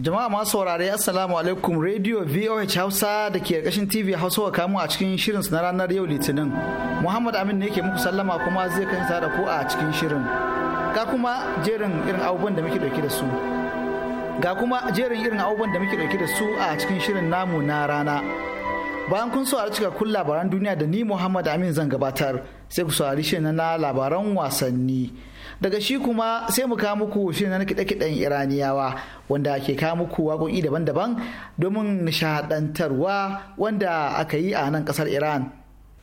Jama'a masu saurare Assalamu alaikum Radio VOH Hausa da ke ƙarƙashin TV Hausa wa kamu a cikin shirin na ranar yau Litinin. Muhammad Amin ne ke muku sallama kuma zai kanta da ku a cikin shirin. Ga kuma jerin irin abubuwan da muke ɗauki da su. Ga kuma jerin irin abubuwan da muke da su a cikin shirin namu na rana. Bayan kun saurari cikakkun labaran duniya da ni Muhammad Amin zan gabatar sai ku saurari shirin na labaran wasanni. daga shi kuma sai mu kawo muku shirin na kiɗe-kiɗen iraniyawa wanda ke kawo muku waƙoƙi daban-daban domin nishaɗantarwa wanda aka yi a nan ƙasar iran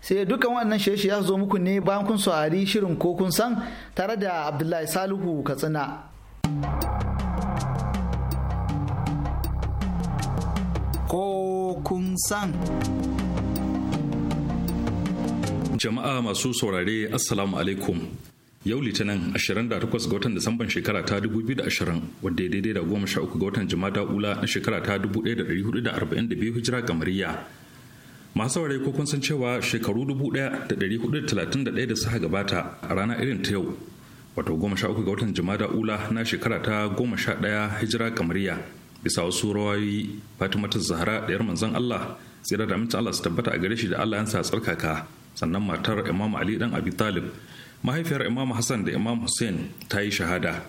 sai dukkan wannan shirye ya su zo muku ne bayan kun saurari shirin ko kun san tare da abdullahi salihu katsina ko kun san jama'a masu saurare assalamu alaikum yau litinin 28 ga watan disamban shekara ta 2020 wanda ya daidai da 13 ga watan Jumada ula na shekara ta 1442 hijira gamariya. masu saurare ko kun san cewa shekaru 1431 da suka gabata a rana irin ta yau wato 13 ga watan Jumada ula na shekara ta 11 hijira gamariya. bisa wasu rawayoyi fatimatu zahra yar manzon allah tsira da aminci allah su tabbata a gare shi da allah yansa tsarkaka sannan matar imam ali dan abi talib mahaifiyar imam hassan da imam hussein ta yi shahada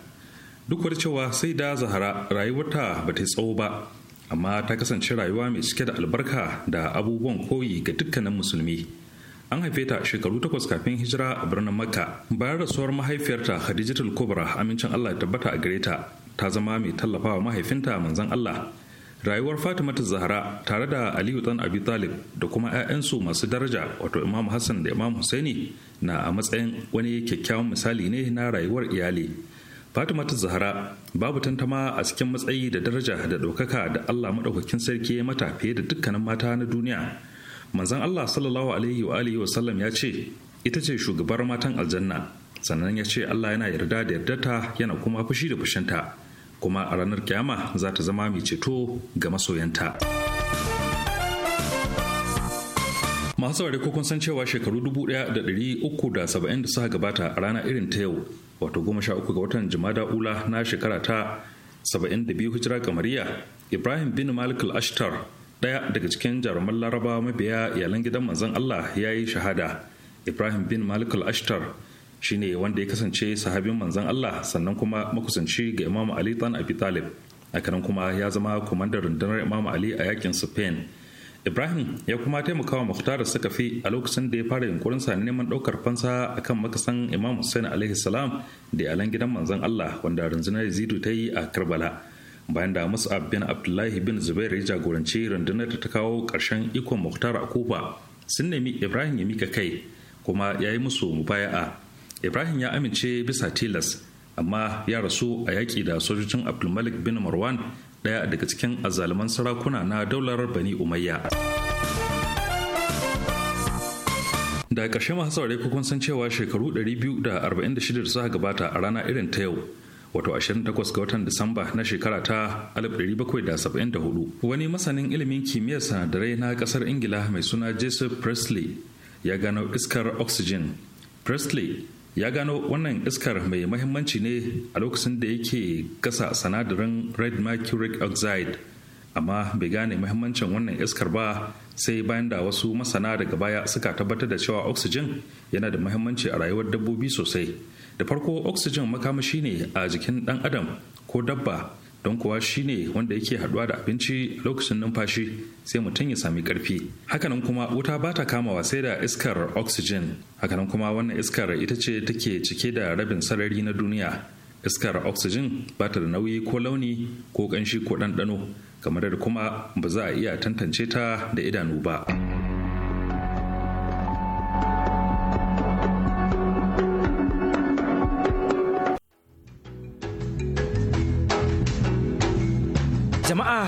duk da cewa sai da zahara rayuwarta ba ta tsawo ba amma ta kasance rayuwa mai cike da albarka da abubuwan koyi ga dukkanin musulmi an haife ta shekaru takwas kafin hijira a birnin makka bayan rasuwar mahaifiyarta khadijatul kubra amincin allah ya tabbata a gare ta ta zama mai tallafawa mahaifinta manzon allah rayuwar fatima zahra tare da aliyu dan abi talib da kuma 'ya'yansu masu daraja wato imam hassan da imam husaini na a matsayin wani kyakkyawan misali ne na rayuwar iyali fatima zahra babu tantama a cikin matsayi da daraja da ɗaukaka da allah maɗaukakin sarki ya mata fiye da dukkanin mata na duniya manzon allah sallallahu alaihi wa alihi wa ya ce ita ce shugabar matan aljanna sannan ya ce allah yana yarda da yardarta yana kuma fushi da fushinta kuma a ranar kyama za ta zama mai ceto ga masoyanta. masu saurari ko kun san cewa shekaru 1370 da suka gabata a rana irin ta yau wato goma sha uku ga watan jimada ula na shekara ta 72 hijira kamariya ibrahim bin malik al-ashtar daya daga cikin jaruman laraba mabiya iyalan gidan manzon allah ya yi shahada ibrahim bin malik al-ashtar shine wanda ya kasance sahabin manzon Allah sannan kuma makusanci ga Imam Ali dan Abi Talib hakanan kuma ya zama kwamandar rundunar Imam Ali a yakin Spain Ibrahim ya kuma taimaka wa Muhtar Sakafi a lokacin da ya fara yunkurin sa neman daukar fansa akan makasan Imam Hussein alaihi salam da yalan gidan manzon Allah wanda rundunar Yazidu ta yi a Karbala bayan da Mus'ab bin Abdullahi bin Zubair ya jagoranci rundunar da ta kawo karshen ikon Muhtar a Kufa sun nemi Ibrahim ya mika kai kuma ya yi musu mubaya'a ibrahim ya amince bisa tilas amma ya rasu a yaƙi da sojojin abdulmalik bin marwan ɗaya daga cikin azzaluman sarakuna na daular bani umayya da ƙarshe masu saurare ko san cewa shekaru 246 da suka gabata a rana irin ta yau wato 28 ga watan disamba na shekara ta 1774 wani masanin ilimin kimiyyar sanadarai na ƙasar ingila mai suna joseph presley ya gano iskar oxygen presley ya gano wannan iskar mai mahimmanci ne a lokacin da yake gasa sanadarin red mercuric oxide amma bai gane mahimmancin wannan iskar ba sai bayan da wasu masana daga baya suka tabbatar da cewa oxygen yana da mahimmanci a rayuwar dabbobi sosai da farko oxygen makamashi ne a jikin dan adam ko dabba don kuwa shi ne wanda yake haɗuwa da abinci lokacin numfashi sai mutum ya sami ƙarfi hakanan kuma wuta ba ta kamawa sai da iskar oxygen hakanan kuma wannan iskar ita ce take cike da rabin sarari na duniya iskar oxygen ba ta da nauyi ko launi ko ƙanshi ko ɗanɗano kamar da kuma ba za a iya tantance ta da idanu ba.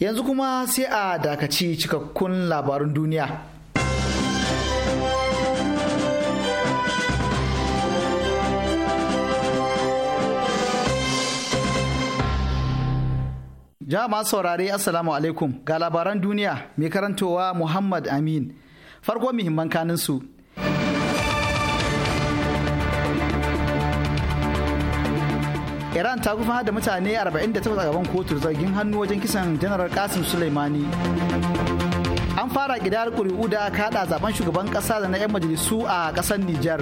yanzu kuma sai a dakaci cikakkun labarun duniya jama'a saurare assalamu alaikum ga labaran duniya mai karantowa muhammad amin farko muhimman kaninsu iran ta gufa da mutane 48 a gaban kotu zargin hannu wajen kisan janar kasim suleimani an fara gidar kuri'u da kaɗa zaben shugaban ƙasa da na 'yan majalisu a kasar nijar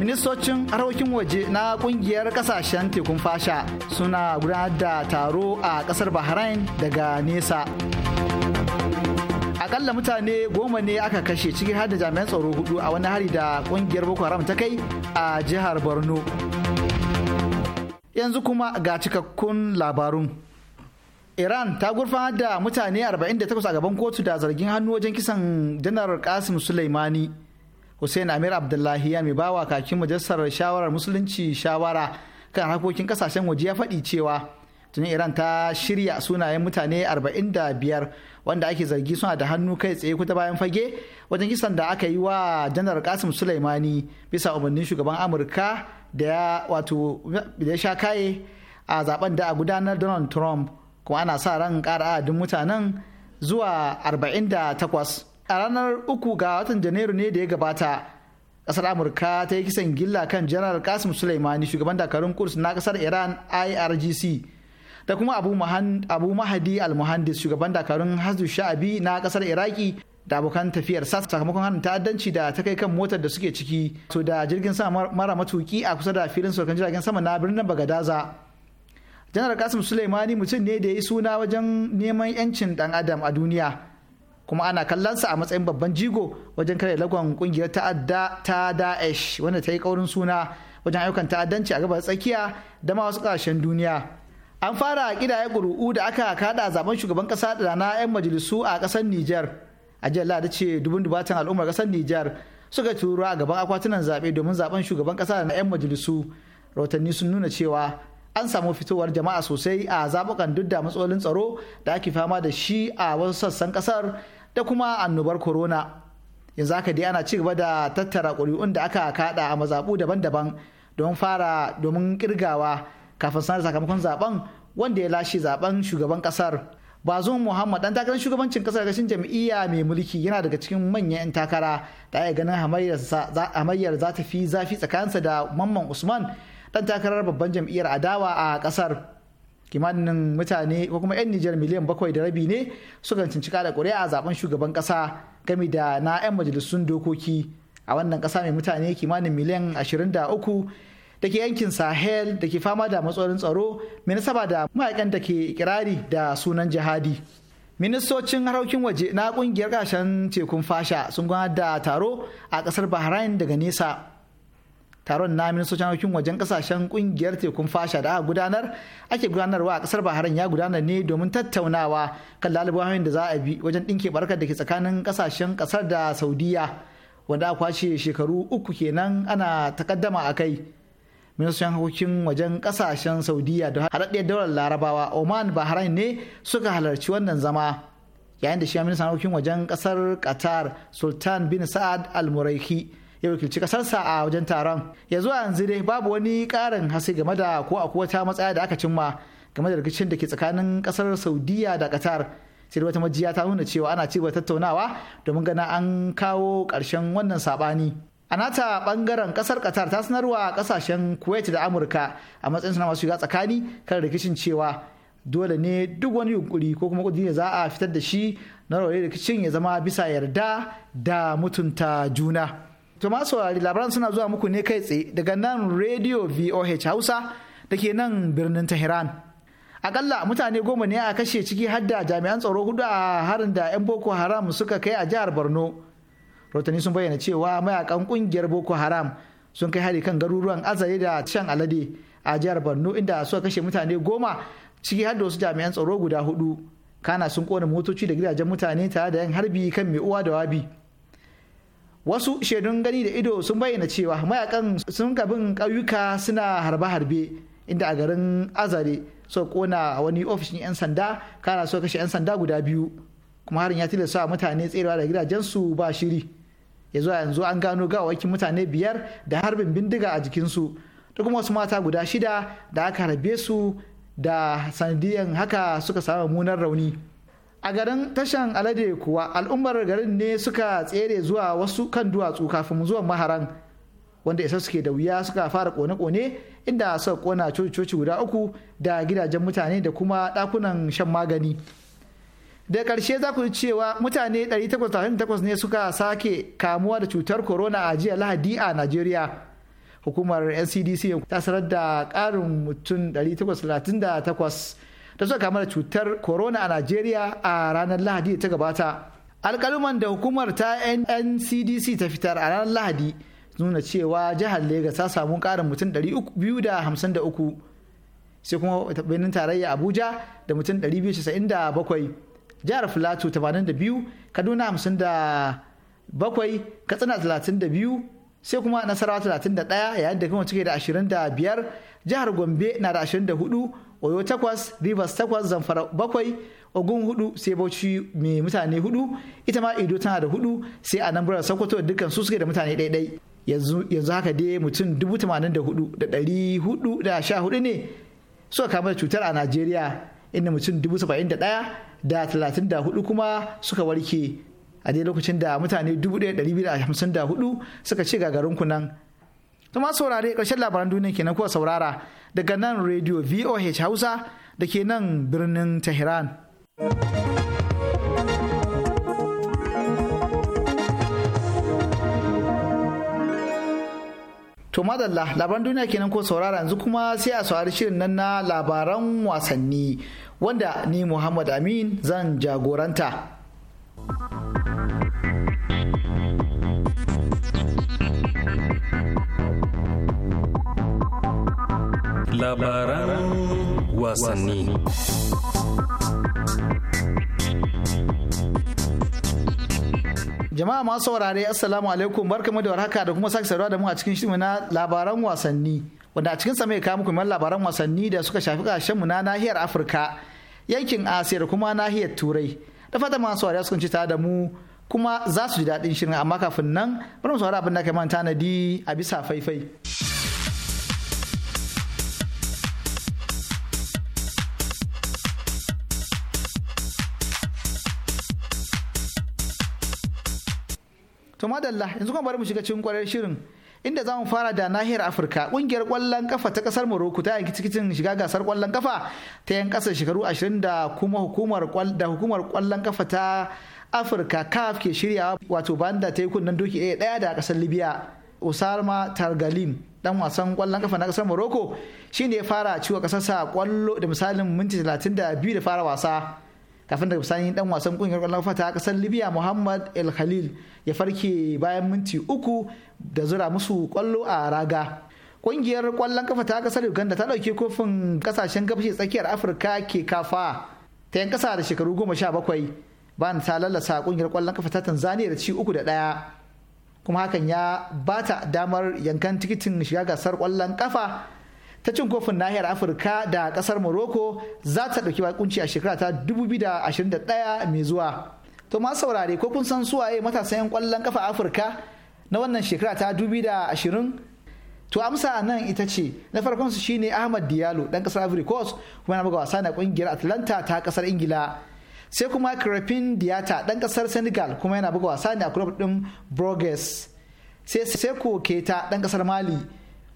ministocin harkokin waje na ƙungiyar kasashen tekun fasha suna gudanar da taro a ƙasar bahrain daga nesa akalla mutane goma ne aka kashe ciki har da jami'an tsaro hudu a wani hari da kungiyar boko haram ta kai a jihar borno yanzu kuma ga cikakkun labarun iran ta gurfan da mutane 48 a gaban kotu da zargin hannu wajen kisan janar kasim suleimani hussein amir abdullahi ya mai bawa kakin majalisar shawarar musulunci shawara kan harkokin kasashen waje ya faɗi cewa tuni iran ta shirya sunayen mutane 45 wanda ake zargi suna da hannu kai tsaye kuta bayan fage wajen kisan da aka yi wa janar kasim sulaimani bisa umarnin shugaban amurka da ya wato da sha kaye a zaben da a gudanar donald trump kuma ana sa ran kara adadin mutanen zuwa 48 a ranar uku ga watan janairu ne da ya gabata kasar amurka ta yi kisan gilla kan janar kasim sulaimani shugaban dakarun kurs na kasar iran irgc da kuma abu mahadi al-muhandis shugaban dakarun hazu sha'abi na kasar iraki da abokan tafiyar sa sakamakon hannun ta'addanci da ta kai kan motar da suke ciki to da jirgin sama mara matuki a kusa da filin sokan jiragen sama na birnin bagadaza janar kasim suleimani mutum ne da ya yi suna wajen neman yancin dan adam a duniya kuma ana kallon sa a matsayin babban jigo wajen kare lagon kungiyar ta'adda ta daesh wanda ta yi kaurin suna wajen ayyukan ta'addanci a gabar tsakiya da ma wasu kasashen duniya an fara kidaya ƙuri'u da aka kada zaben shugaban ƙasa da na 'yan majalisu a ƙasar Nijar. A jiya Ladi ce dubun dubatan al'ummar ƙasar Nijar suka turo a gaban akwatunan zaɓe domin zaben shugaban ƙasa da na 'yan majalisu. Rahotanni sun nuna cewa an samu fitowar jama'a sosai a zaɓukan duk da matsalolin tsaro da ake fama da shi a wasu sassan ƙasar da kuma annobar corona. Yanzu haka dai ana ci gaba da tattara ƙuri'un da aka kada a mazaɓu daban-daban don fara domin ƙirgawa kafin sanar sakamakon zaben wanda ya lashe zaben shugaban kasar bazum muhammad dan takarar shugabancin kasar gashin jam'iyya mai mulki yana daga cikin manyan 'yan takara da ya ganin hamayyar za ta fi zafi tsakaninsa da mamman usman dan takarar babban jam'iyyar adawa a kasar kimanin mutane ko kuma 'yan nijar miliyan bakwai da rabi ne suka cincika da kuri'a a zaben shugaban kasa gami da na 'yan majalisun dokoki a wannan kasa mai mutane kimanin miliyan ashirin da uku da ke yankin sahel da ke fama da matsalolin tsaro mai nasaba da mayakan da ke kirari da sunan jihadi ministocin harkokin waje na kungiyar kashen tekun fasha sun gudanar da taro a kasar bahrain daga nesa taron na ministocin harkokin wajen kasashen kungiyar tekun fasha da aka gudanar ake gudanarwa a kasar bahrain ya gudanar ne domin tattaunawa kan lalubawan da za a bi wajen dinke barkar da ke tsakanin kasashen kasar da saudiya wanda a kwashe shekaru uku kenan ana takaddama a kai ministan harkokin wajen kasashen saudiya da haɗaɗɗiyar daular larabawa oman bahrain ne suka halarci wannan zama yayin da shi ministan harkokin wajen kasar qatar sultan bin sa'ad al-muraiki ya wakilci kasarsa a wajen taron ya zuwa yanzu dai babu wani ƙarin hasi game da ko akwai wata matsaya da aka cimma game da rikicin da ke tsakanin ƙasar saudiya da qatar sai wata majiya ta nuna cewa ana ci tattaunawa domin gana an kawo karshen wannan saɓani. a nata bangaren kasar qatar ta sanarwa kasashen kuwait da amurka a matsayin suna masu shiga tsakani kan rikicin cewa dole ne duk wani yunkuri ko kuma kudi ne za a fitar da shi na rawaye rikicin ya zama bisa yarda da mutunta juna to masu saurari labaran suna zuwa muku ne kai tsaye daga nan radio voh hausa da ke nan birnin tehran akalla mutane goma ne a kashe ciki hadda jami'an tsaro hudu a harin da 'yan boko haram suka kai a jihar borno rotani sun bayyana cewa mayakan kungiyar boko haram sun kai hari kan garuruwan azare da tashan alade a jihar borno inda suka kashe mutane goma ciki har da wasu jami'an tsaro guda hudu kana sun kona motoci da gidajen mutane tare da yan harbi kan mai uwa da wabi wasu shaidun gani da ido sun bayyana cewa mayakan sun bin ƙauyuka suna harbe-harbe inda a garin azare suka kona wani ofishin 'yan sanda kana suka kashe 'yan sanda guda biyu kuma harin ya tilasta mutane tserewa da gidajensu ba shiri. ya zuwa yanzu an gano gawakin mutane biyar da harbin bindiga a jikinsu da kuma wasu mata guda shida da aka harbe su da sanadiyan haka suka samu munar rauni a garin tashan alade kuwa al'ummar garin ne suka tsere zuwa wasu kan duwatsu kafin zuwan maharan wanda isa suke da wuya suka fara kone-kone inda suka kona coci-coci guda uku da gidajen mutane da kuma ɗakunan shan magani da ƙarshe za ku cewa mutane 838 ne suka sake kamuwa da cutar corona a jiya lahadi a najeriya hukumar ncdc ta sanar da ƙarin mutum 838 da suka kamu da cutar corona a najeriya a ranar lahadi ta gabata alkaluman da hukumar ta ncdc ta fitar a ranar lahadi nuna cewa jihar Legas ta samu ƙarin mutum 253 sai kuma tabbinin tarayya abuja da mutum 297 jihar filato 82 kaduna 57 katsina 32 sai kuma nasarawa 31 yayin da kuma cike da 25 jihar gombe na da 24 oyo 8 rivers 8 zamfara 7 ogun 4 sai bauchi mai mutane 4 ita ma ido tana da 4 sai a nambarar sokoto dukkan su suke da mutane ɗaiɗai yanzu haka dai mutum da 84,414 ne suka kama da cutar a najeriya inda mutum dubu saba'in da ɗaya kuma suka warke a dai lokacin da mutane dubu ɗaya ɗari biyu da suka ce gagarin kunan. Tuma saurare ƙarshen labaran duniya kenan kuwa saurara daga nan rediyo VOH Hausa da ke nan birnin Tehran. To madalla labaran duniya kenan ko saurara yanzu kuma sai a saurari shirin nan na labaran wasanni wanda ni Muhammad Amin zan jagoranta. Labaran wasanni. Jama'a masu saurare Assalamu alaikum mu da warhaka da kuma sake saduwa da mu a cikin shirin na labaran wasanni wanda a cikin sa mai kawo muku labaran wasanni da suka shafi kasashen mu na nahiyar Afirka yankin Asiya da kuma nahiyar Turai. Da fatan masu saurare su kunci da mu kuma za su ji daɗin shirin amma kafin nan bari mu saurara abin da kai man tanadi a bisa faifai. to madalla yanzu kuma bari mu shiga cikin kwarar shirin inda za mu fara da nahiyar afirka kungiyar kwallon kafa ta kasar morocco ta yanki cikin shiga gasar kwallon kafa ta yan kasar shekaru 20 da kuma hukumar da hukumar kwallon kafa ta afirka caf ke shirya wato banda ta yi kunnen doki ɗaya daya da kasar libya usama targalim dan wasan kwallon kafa na kasar morocco shine ya fara ciwo kasarsa kwallo da misalin minti 32 da fara wasa kafin da bisani dan wasan kungiyar kwallon fata ta kasar libya muhammad el khalil ya farke bayan minti uku da zura musu kwallo a raga kungiyar kwallon kafa ta kasar uganda ta dauke kofin kasashen gabashi tsakiyar afirka ke kafa ta yan kasa da shekaru goma sha bakwai bayan ta lallasa kungiyar kwallon kafa ta tanzania da ci uku da daya kuma hakan ya bata damar yankan tikitin shiga gasar kwallon kafa ta cin kofin nahiyar afirka da kasar morocco za ta dauki bakunci a shekara ta 2021 mai zuwa to ma saurare ko kun san suwaye matasan 'yan kwallon kafa afirka na wannan shekara ta 2020 to amsa nan ita ce na farkon su shine ahmad diallo dan kasar ivory coast kuma yana buga wasa na kungiyar atlanta ta kasar ingila sai kuma crepin diata dan kasar senegal kuma yana buga wasa ne a club din broges sai seko keta dan kasar mali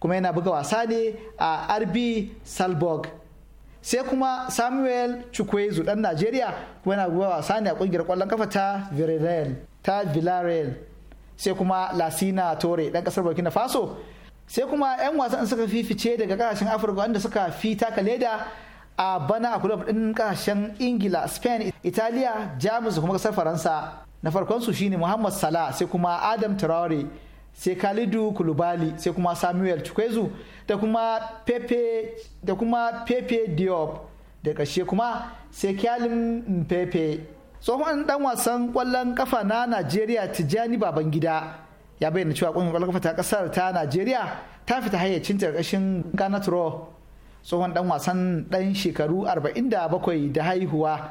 kuma yana buga wasa ne a rb salborg sai kuma samuel chukwezu dan najeriya kuma yana buga wasa ne a kungiyar kwallon kafa ta villarreal sai kuma lasina tore dan kasar burkina faso sai kuma 'yan wasan suka fifice daga kasashen afirka wanda suka fi taka leda a bana a kulob din kasashen ingila spain italiya jamus da kuma kasar faransa na farkonsu shine muhammad salah sai kuma adam traore sai Khalidu Kulubali sai kuma Samuel Chukwezu da kuma Pepe da kuma Pepe Diop da ƙarshe kuma sai Kyalin Pepe tsohon dan wasan kwallon kafa na Najeriya tijani Babangida ya bayyana cewa ƙungiyar kwallon kafa ta ƙasar ta Najeriya ta fita hayyacinta ƙarƙashin Ghana Tsohon dan wasan dan shekaru 47 da haihuwa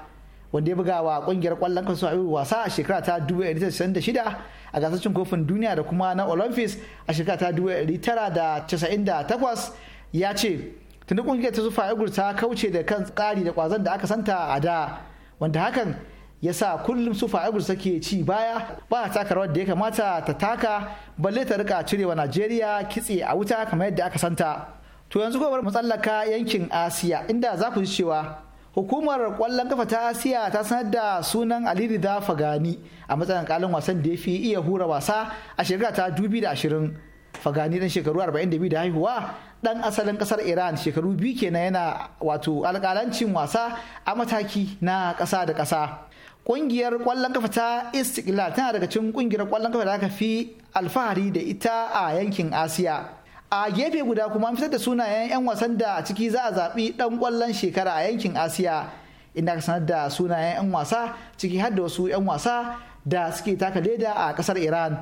wanda ya buga wa kungiyar kwallon kansu a wasa a shekara ta 1966 a gasar cin kofin duniya da kuma na olympics a shekara ta 1998 ya ce tunda kungiyar ta zufa igur ta kauce da kan tsari da kwazon da aka santa a da wanda hakan ya sa kullum sufa igur take ci baya ba a taka rawar da ya kamata ta taka balle ta rika wa najeriya kitse a wuta kamar yadda aka santa to yanzu kuma tsallaka yankin asiya inda za ku ji cewa hukumar kwallon kafa ta asiya ta sanar da sunan aliri da fagani a matsayin kalin wasan da ya fi iya hura wasa a shekara ta dubi da ashirin fagani dan shekaru 42 da haihuwa dan asalin kasar iran shekaru biyu kenan yana wato alkalancin wasa a mataki na kasa da kasa kungiyar kwallon kafa ta istiklal tana daga cikin kungiyar kwallon kafa da aka fi alfahari da ita a yankin asiya a gefe guda kuma an fitar da sunayen 'yan wasan da ciki za a zaɓi ɗan ƙwallon shekara a yankin asiya inda ka sanar da sunayen 'yan wasa ciki har da wasu 'yan wasa da suke taka leda a ƙasar iran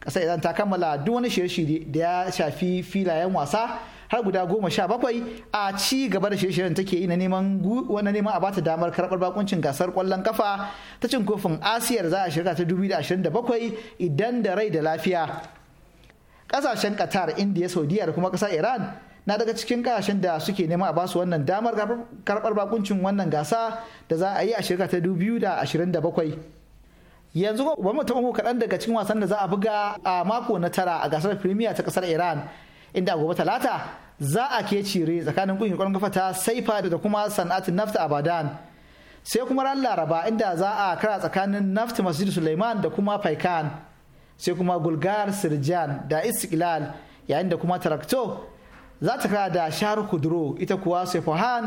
ƙasar iran ta kammala duk wani shirye-shirye da ya shafi filayen wasa har guda goma sha bakwai a ci gaba da shirye-shiryen take yi na neman wani neman a bata damar karɓar bakuncin gasar ƙwallon kafa ta cin kofin asiya da za a shirya ta 2027 idan da rai da lafiya kasashen qatar india saudiya da kuma kasar iran na daga cikin kasashen da suke neman a basu wannan damar karbar bakuncin wannan gasa da za a yi a shirka ta 2027 yanzu ba mu taɓa kaɗan daga cikin wasan da za a buga a mako na tara a gasar premier ta kasar iran inda gobe talata za a ke cire tsakanin kungiyar ƙwallon kafa ta saifa da kuma sana'atin nafta abadan sai kuma ran laraba inda za a kara tsakanin nafta masjid suleiman da kuma faikan sai kuma gulgar sirjan da istiklal yayin da kuma tarakto za ta kara da shahar kuduro ita kuwa sefahan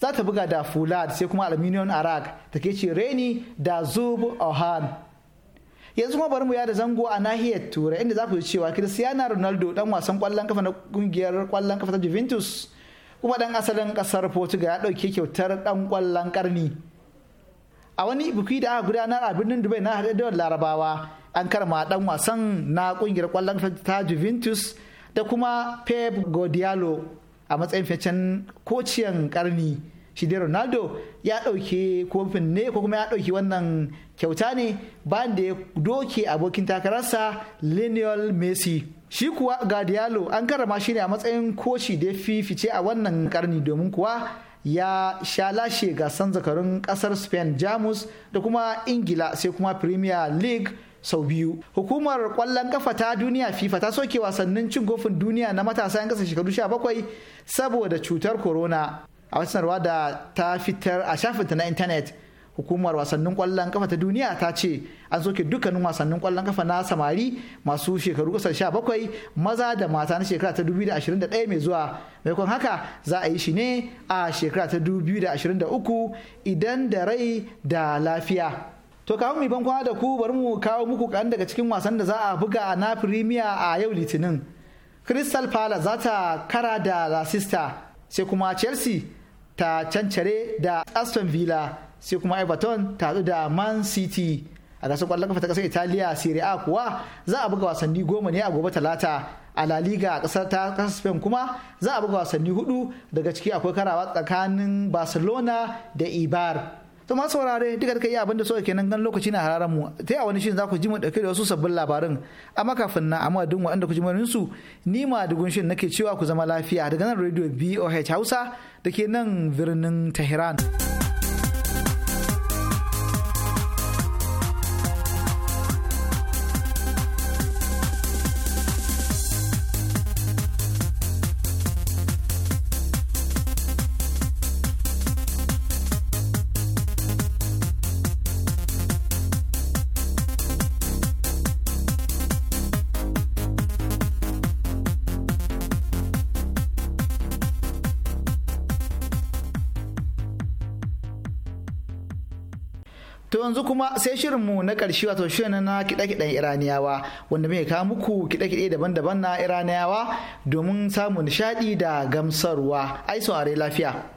za ta buga da fulad sai kuma aluminium arak ta ke ce reni da zub ohan yanzu kuma bari mu yada zango a nahiyar turai inda za ku ji cewa cristiano ronaldo dan wasan kwallon kafa na kungiyar kwallon kafa ta juventus kuma dan asalin kasar portugal ya dauke kyautar dan kwallon karni a wani buki da aka gudanar a birnin dubai na hadar da larabawa an karma dan wasan na kungiyar kwallon ta Juventus da kuma Pep Guardiola a matsayin fecen kociyan karni shi dai Ronaldo ya dauke kofin ne ko kuma ya dauke wannan kyauta ne bayan da ya doke abokin takararsa Lionel Messi shi kuwa Guardiola an karama shi ne a matsayin koci da fifice a wannan karni domin kuwa ya sha lashe gasan zakarun kasar Spain Jamus da kuma Ingila sai kuma Premier League sau biyu hukumar kwallon kafa ta duniya fifa ta soke wasannin cin kofin duniya na matasa 'yan kasa shekaru 17 saboda cutar corona a wata sanarwa da ta fitar a shafinta na intanet hukumar wasannin kwallon kafa ta duniya ta ce an soke dukkanin wasannin kwallon kafa na samari masu shekaru kasar 17 maza da mata na shekara ta 2021 mai zuwa maimakon haka za a yi shi ne a shekara ta 2023 idan da rai da lafiya To kawo mu kwana da ku bari mu kawo muku kan daga cikin wasan da za a buga na Premier a yau Litinin. Crystal Palace za ta kara da Leicester sai kuma Chelsea ta cancare da Aston Villa sai kuma Everton ta da Man City. A gasar kwallon kafa ta kasar Italiya Serie A kuwa za a buga wasanni goma ne a gobe Talata. A La Liga a kasar ta kasar Spain kuma za a buga wasanni hudu daga ciki akwai karawa tsakanin Barcelona da Ibar. to ma saurare duka duka iya abin da suka kenan gan lokaci na hararan mu ta a wani shin za ku ji mu dauke da wasu sabbin labarin amma kafin na amma duk waɗanda ku ji mun su ni ma dugun shin nake cewa ku zama lafiya daga nan radio BOH Hausa dake nan birnin Tehran. To yanzu kuma sai shirinmu na ƙarshe wato shirin na kiɗe-kiɗen Iraniyawa wanda mai kawo muku kiɗe-kiɗe daban-daban na Iraniyawa domin samun nishaɗi da gamsarwa. Ai saurare lafiya.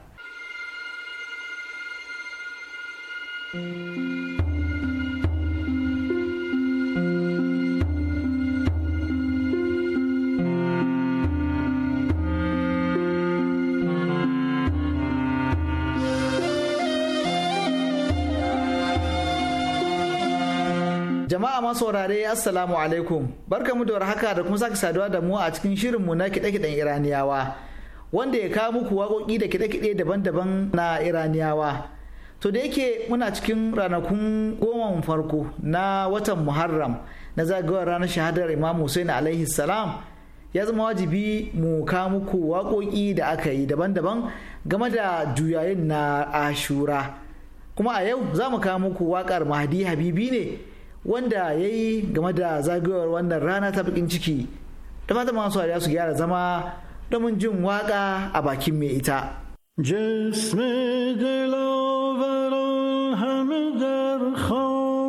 masu saurare assalamu alaikum barkamu da warhaka da kuma sake saduwa da mu a cikin shirin mu na kiɗe-kiɗen iraniyawa wanda ya kawo muku waƙoƙi da kiɗe kide daban-daban na iraniyawa to da yake muna cikin ranakun goma farko na watan muharram na zagawar ranar shahadar imam hussein alaihi salam ya zama wajibi mu ka muku waƙoƙi da aka yi daban-daban game da juyayin na ashura kuma a yau za mu kawo muku waƙar mahdi habibi ne wanda ya yi game da zagayowar wannan rana ta bakin ciki da fata masu hariya su gyara zama domin jin waka a bakin mai ita جسم دلاوران همه در خاک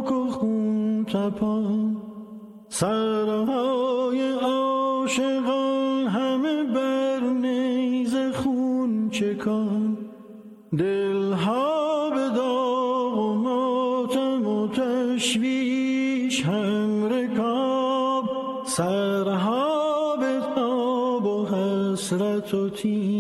پیش هم رکاب سرها به تاب و حسرت و تیم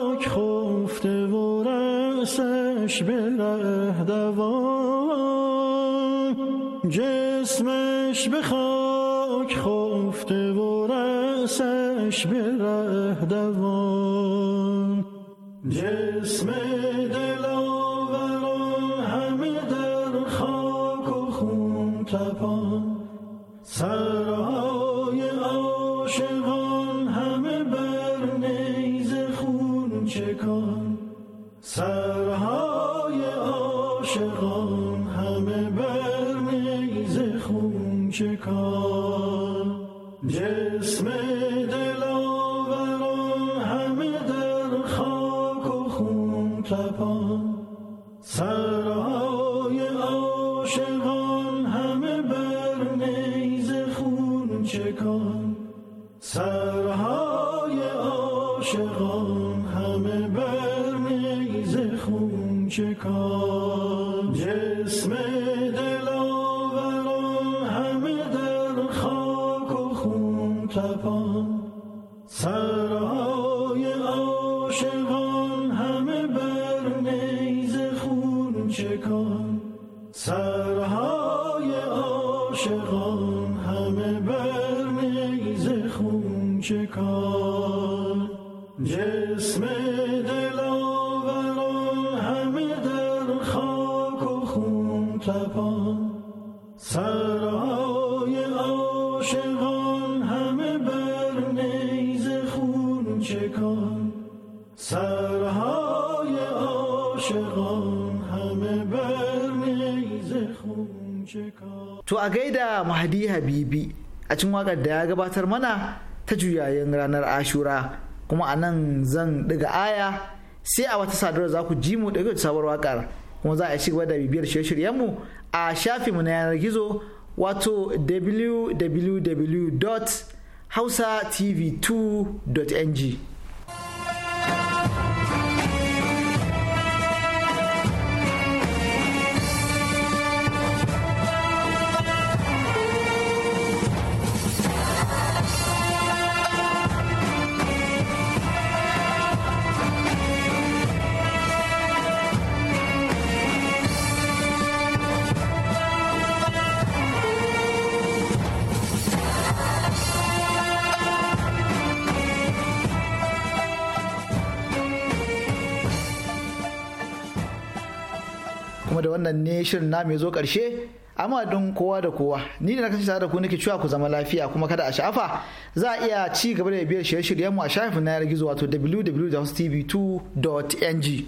خاک خفته و رسش به دوان جسمش به خاک خفته و رسش به دوان جسمش سرهای عاشقان همه نیز خون چکان جسم to a gaida mahadi habibi a cikin wakar da ya gabatar mana ta juyayen ranar ashura kuma a nan zan ɗiga aya sai a wata sadarwa za ku ji mu ɗaga sabuwar wakar kuma za a ci gaba da bibiyar shirye-shiryenmu a shafi mu na yanar gizo wato www.hausatv2.ng kuma da wannan ne shirin na mai zo ƙarshe amma don kowa da kowa ni da na tare da ku nake cewa ku zama lafiya kuma kada a sha'afa za a iya ci gaba da biyar shirye-shiryen mu a shafin na yanar gizo wato www.tv2.ng